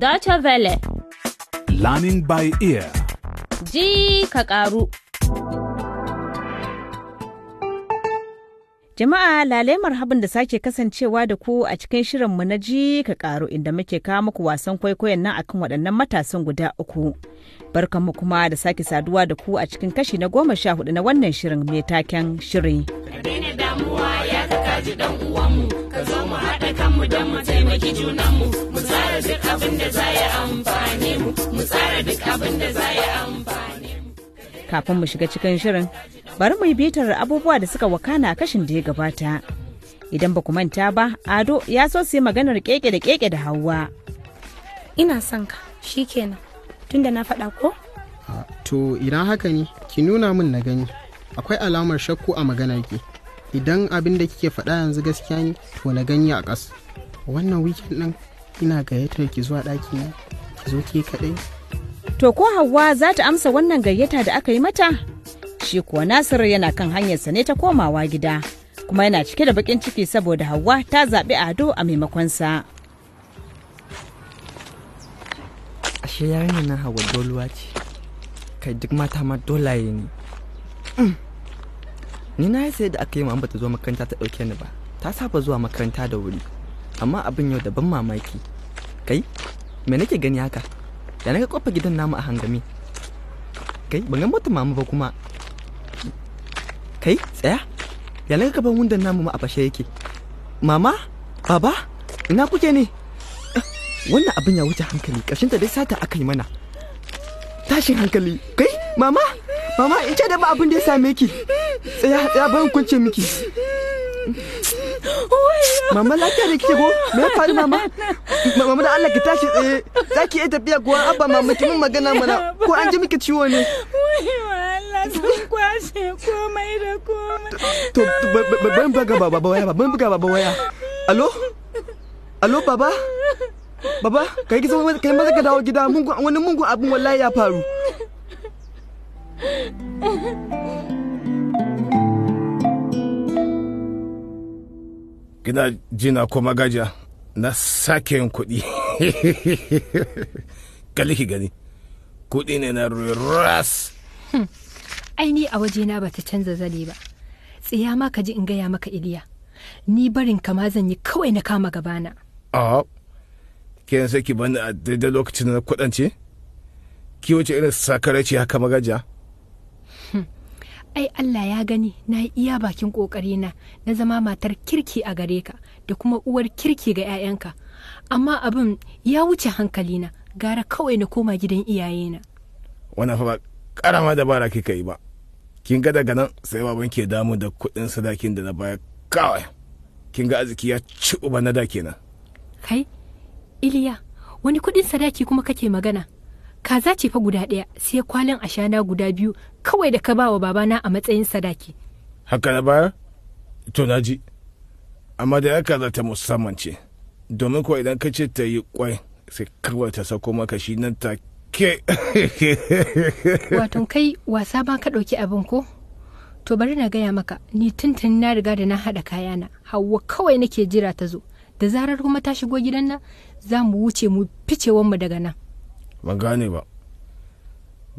Deutsche Welle. Learning by ear. Ji ka karu. Jama'a lalai marhaban da sake kasancewa da ku a cikin shirin mu na ji ka karu inda muke kawo muku wasan kwaikwayon nan akan waɗannan matasan guda uku. Barkanmu kuma da sake saduwa da ku a cikin kashi na goma sha hudu na wannan shirin mai taken shiri. damu ji dan uwanmu ka zo mu haɗa kanmu don mu taimaki junanmu mu tsara duk abin da za ya amfani mu mu tsara duk abin da za ya amfani kafin mu shiga cikin shirin bari mu yi bitar abubuwa da suka wakana a kashin da ya gabata idan ba ku manta ba ado ya so su yi maganar keke da keke da hawa ina son ka shikenan tunda na faɗa ko to idan haka ne ki nuna min na gani akwai alamar shakku a maganar ki idan abin da kike faɗa yanzu gaskiya ne to na ganye a ƙasa wannan weekend ɗin ina gayyatar ki zuwa ɗaki na ki zo ke kaɗai to ko Hauwa za ta amsa wannan gayyata da aka yi mata shi kuwa nasiru yana kan hanyarsa ne ta komawa gida kuma yana cike da baƙin ciki saboda Hauwa ta zaɓi ado a maimakonsa ashe yarinya na hawa doluwa ce kai duk mata ma dolaye ne mm. ni na sai da aka yi mama bata zo makaranta ta ɗauke ni ba ta saba zuwa makaranta da wuri amma abin yau daban mamaki kai me nake gani haka da naga kofa gidan namu a hangami kai ban ga mota mama ba kuma kai tsaya ya naga gaban wundan namu ma a fashe yake mama baba ina kuke ne ah, wannan abin ya wuce hankali ta dai sata aka yi mana tashin hankali kai mama mama in ce da ba abin da ya same ki tsaya tsaya bayan kunce miki mama lafiya ne kike ko me ya faru mama mama da Allah ki tashi tsaye za ki iya tafiya kuwa abba mama ki mun magana mana ko an ji miki ciwo ne to ban buga baba waya ban buga baba waya alo alo baba baba kai ki zama kai maza ka dawo gida wani mungun abin wallahi ya faru gina jina kuma gaja na sake yin kuɗi kaliki gani kuɗi ne na ras hmm. aini a waje na bata canza zale ba tsaya ma ka ji in gaya maka iliya ni barin kama zan yi kawai na kama gabana a kenan sai ki bani a daidai lokacin na kuɗance ki wuce irin sakarai ce haka magaja ai Allah ya gani na yi iya bakin ƙoƙarina na zama matar kirki a gare ka da kuma uwar kirki ga 'ya'yanka amma abin ya wuce hankalina gara kawai na koma gidan iyayena wannan fa ba karama da bara kika yi ba kin ga daga nan sai baban ke damu da kuɗin sadakin da na baya kawai kin ga arziki ya ci uba na da kenan kai iliya wani kuɗin sadaki kuma kake magana kaza ce fa guda ɗaya sai kwalin ashana guda biyu kawai da ka bawa babana a matsayin sadaki haka na baya to na ji amma da ya kaza ta musamman ce domin kuwa idan ka ce ta yi kwai sai kawai ta sako maka shi nan ta ke waton kai wasa ba ka ɗauki abin ko to bari na gaya maka ni tuntun na riga da na haɗa kayana hawa kawai nake jira ta zo da zarar kuma ta shigo gidan nan za mu wuce mu ficewanmu daga nan ban gane ba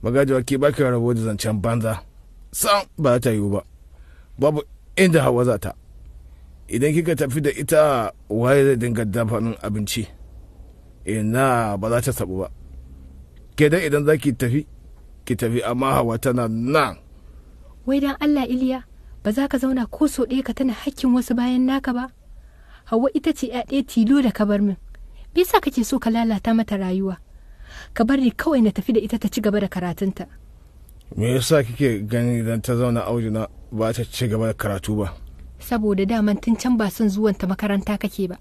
magajiwa ke baki rabo da zancen banza sam ba ta yiwu ba babu inda hawa za ta idan kika tafi da ita waye zai dinga dafanin abinci ina ba za ta sabu ba ke dan idan za ki tafi ki tafi amma hawa tana nan wai dan allah iliya ba za ka zauna ko so ɗaya ka tana hakkin wasu bayan naka ba hawa ita ce ɗaya tilo da ka bar min bisa kake so ka lalata mata rayuwa ka bari kawai na tafi da ita ta ci gaba da karatunta me yasa kike gani idan ta zauna aujina ba ta ci gaba da karatu ba saboda daman tun can ba son zuwan ta makaranta kake ba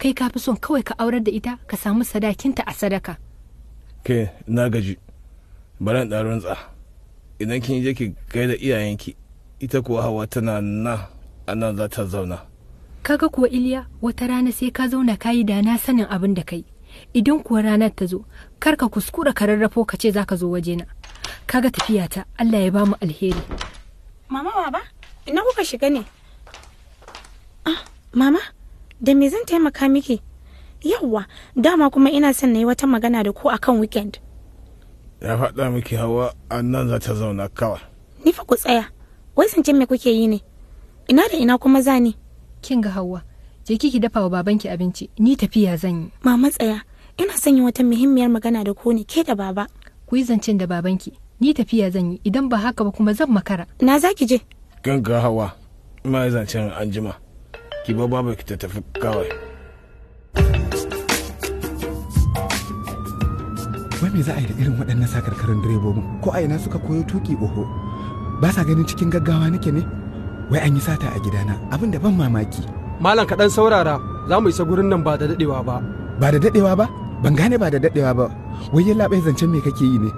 kai ka fi son kawai ka aurar da ita ka samu sadakinta a sadaka ke na gaji baran da rantsa idan kin je ki gaida iyayenki ita kuwa hawa tana na anan za ta zauna kaga kuwa iliya wata rana sai ka zauna kayi da na sanin abin da kai idan kuwa ranar ta zo kar ka kuskura ka rarrafo ka ce zaka zo wajena kaga tafiya ta Allah ya bamu alheri mama baba ina kuka shiga ne ah mama da me zan taimaka miki yawwa dama kuma ina son na yi wata magana da ku akan weekend ya faɗa miki hawa a nan za ta zauna kawa ni ku tsaya wai zancen me kuke yi ne ina da ina kuma zani kin ga hawa je kiki dafa wa babanki abinci ni tafiya zan yi mama tsaya ina son yi wata muhimmiyar magana da ku ne ke da baba ku yi zancen da babanki ni tafiya zan yi idan ba haka ba kuma zan makara na za ki je ganga hawa ma zancen anjima ki ba ki ta tafi kawai wai me za a yi da irin waɗannan sakarkarin direbobin ko a ina suka koyo tuki oho ba sa ganin cikin gaggawa nake ne wai an yi sata a gidana abin da ban mamaki malam kaɗan saurara za mu isa gurin nan ba da daɗewa ba ba da daɗewa ba ban gane ba da daɗewa ba wai yin zancen me kake yi ne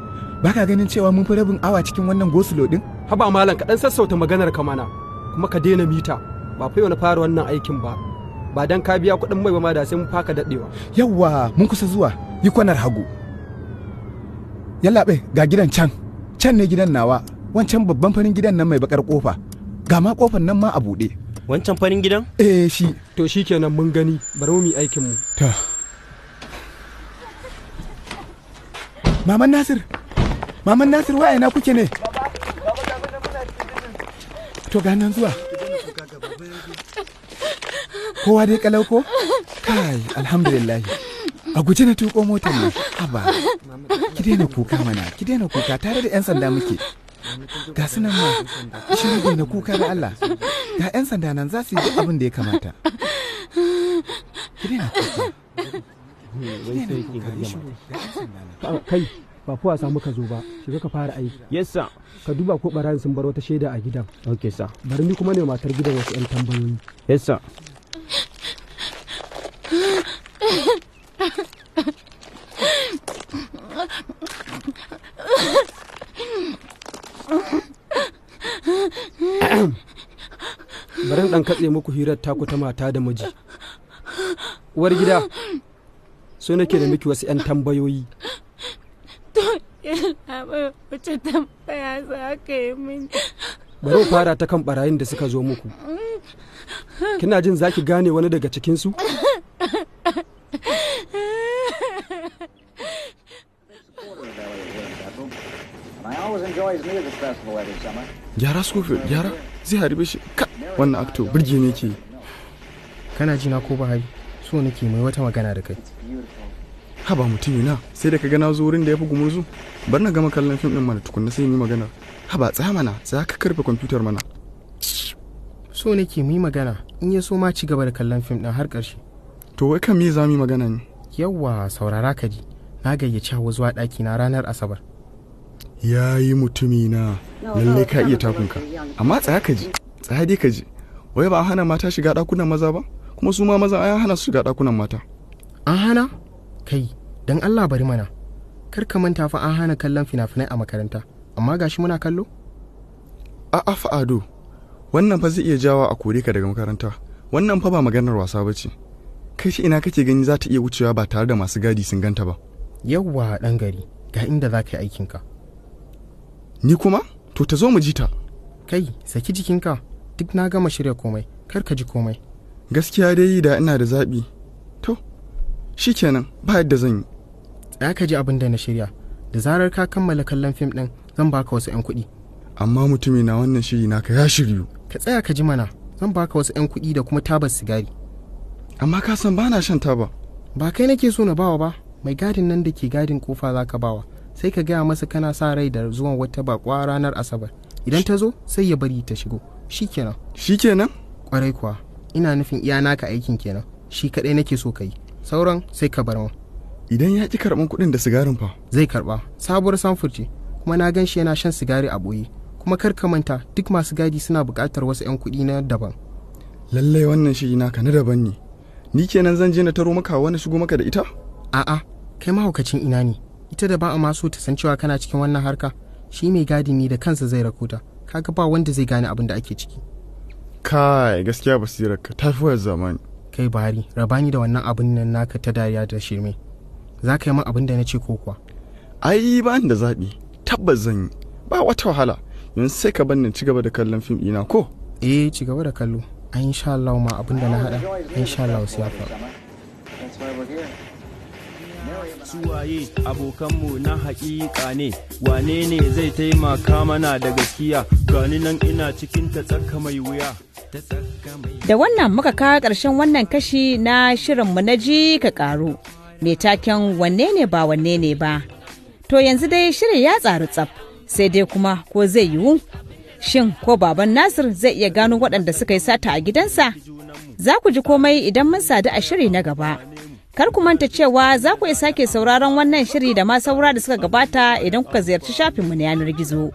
ba ka ganin cewa mun fi rabin awa cikin wannan gosulo ɗin haba malam kaɗan sassauta maganar ka mana kuma ka daina mita ba fa na fara wannan aikin ba ba dan ka biya kuɗin mai ba ma da sai mun faka daɗewa yawwa mun kusa zuwa yi kwanar hagu yallaɓe ga gidan can can ne gidan nawa wancan babban farin gidan nan mai bakar kofa ga ma kofar nan ma a buɗe wancan farin gidan eh shi to shi kenan mun gani bari mu yi aikin mu to maman nasir maman nasir wa ina kuke ne to ga nan zuwa kowa dai kalau ko kai alhamdulillah a guji na tuko motar ne haba ki daina kuka mana ki daina kuka tare da yan sanda muke ga su nan ma shirin na kuka da Allah ga 'yan sanda nan za su yi abin da ya kamata kai ba kuwa samu ka zo ba shiga ka fara aiki yes sir ka duba ko barayin sun bar wata shaida a gidan okay sir bari ni kuma ne matar gidan wasu 'yan tambayoyi yes sir zan katse muku hirar taku ta mata da miji uwar gida so nake da miki wasu 'yan tambayoyi wace tambaya za ka yi mini bari fara ta kan barayin da suka zo muku mm. kina jin zaki gane wani daga cikinsu? su gyara scofield gyara zai harbe shi ka wannan akto birge ne ke kana ji na ko ba hari so nake mai wata magana da kai haba mutum na sai da ka gana zo wurin da ya fi gumurzu bar na gama kallon fim din mana tukunna sai mu magana haba tsaya mana za ka karfe kwamfutar mana so nake mu mai magana in ya so ma ci gaba da kallon fim din har karshe to wai kan me za mu yi magana ne yawwa saurara ka ji na gayyaci hawa zuwa ɗaki na ranar asabar ya yi mutumi na lalle ka iya takunka amma tsaya ka ji tsaya dai ka ji wai ba a hana mata shiga ɗakunan maza ba kuma su ma maza an hana su shiga ɗakunan mata an hana kai dan allah bari mana kar ka manta fa an hana kallon fina-finai a makaranta amma gashi muna kallo a a Ado, wannan fa zai iya jawa a kore ka daga makaranta wannan fa ba maganar wasa ba ce kai shi ina kake gani za ta iya wucewa ba tare da masu gadi sun ganta ba yawwa dan gari ga inda za ka yi aikinka ni kuma to ta zo mu ji ta kai saki jikinka duk na gama shirya komai kar ka ji komai gaskiya dai da ina da zaɓi to shikenan ba yadda zan yi tsaya ka ji abin da na shirya da zarar ka kammala kallon fim ɗin zan baka wasu 'yan kuɗi amma mutumi na wannan shiri naka ya shiryu ka tsaya ka ji mana zan baka wasu 'yan kuɗi da kuma tabar sigari amma ka san ba na shan taba ba kai nake so na bawa ba mai gadin nan da ke gadin kofa za ka bawa sai ka gaya masa kana sa rai da zuwan wata bakwa ranar asabar idan ta zo sai ya bari ta shigo shikenan shikenan kwarai kuwa ina nufin iya naka aikin kenan shi kadai nake so ka sauran sai ka bar mu idan ya ki karban kuɗin da sigarin fa zai karba sabuwar samfur ce kuma na gan shi yana shan sigari a boye kuma kar ka manta duk masu gadi suna buƙatar wasu 'yan kuɗi na daban lallai wannan shi naka na daban ne ni kenan zan je na taro maka wani shigo maka da ita a'a kai mahaukacin ina ne ita da ba a maso ta san cewa kana cikin wannan harka shi mai gadi ne da kansa zai rakuta kaga ba wanda zai gane abin da ake ciki kai gaskiya basirar ka tafi wayar zamani kai bari rabani da wannan abin nan naka ta dariya da shirme za ka yi min abin da na ce ko kuwa ai ba da zaɓi tabbas zan yi ba wata wahala yanzu sai ka bannin ci gaba da kallon fim ina ko eh ci gaba da kallo insha Allah ma abin da na hada insha Allah sai ya faru Suwaye abokanmu na haƙiƙa ne, wane ne zai taimaka mana da gaskiya, gani nan ina cikin ta tsaka mai wuya. Da wannan muka kawo ƙarshen wannan kashi na shirin mu na ji ka ƙaru, mai taken wanne ne ba wanne ne ba. To yanzu dai shirin ya tsaru tsaf, sai dai kuma ko zai yiwu. Shin ko baban Nasir zai iya gano waɗanda suka yi sata a gidansa? Za ku ji komai idan mun sadu a shiri na gaba. Kar ku manta cewa za ku iya sake sauraron wannan shiri da ma saura da suka gabata idan kuka ziyarci shafinmu na yanar gizo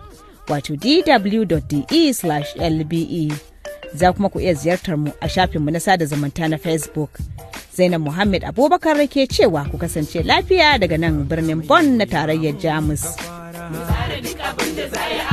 wato dw.de/lbe. E. Za kuma ku iya ziyartar mu a shafinmu na sada zumunta na Facebook. Zainab Muhammad Abubakar ke cewa ku kasance lafiya daga nan birnin Bonn na tarayyar Jamus. Mu duk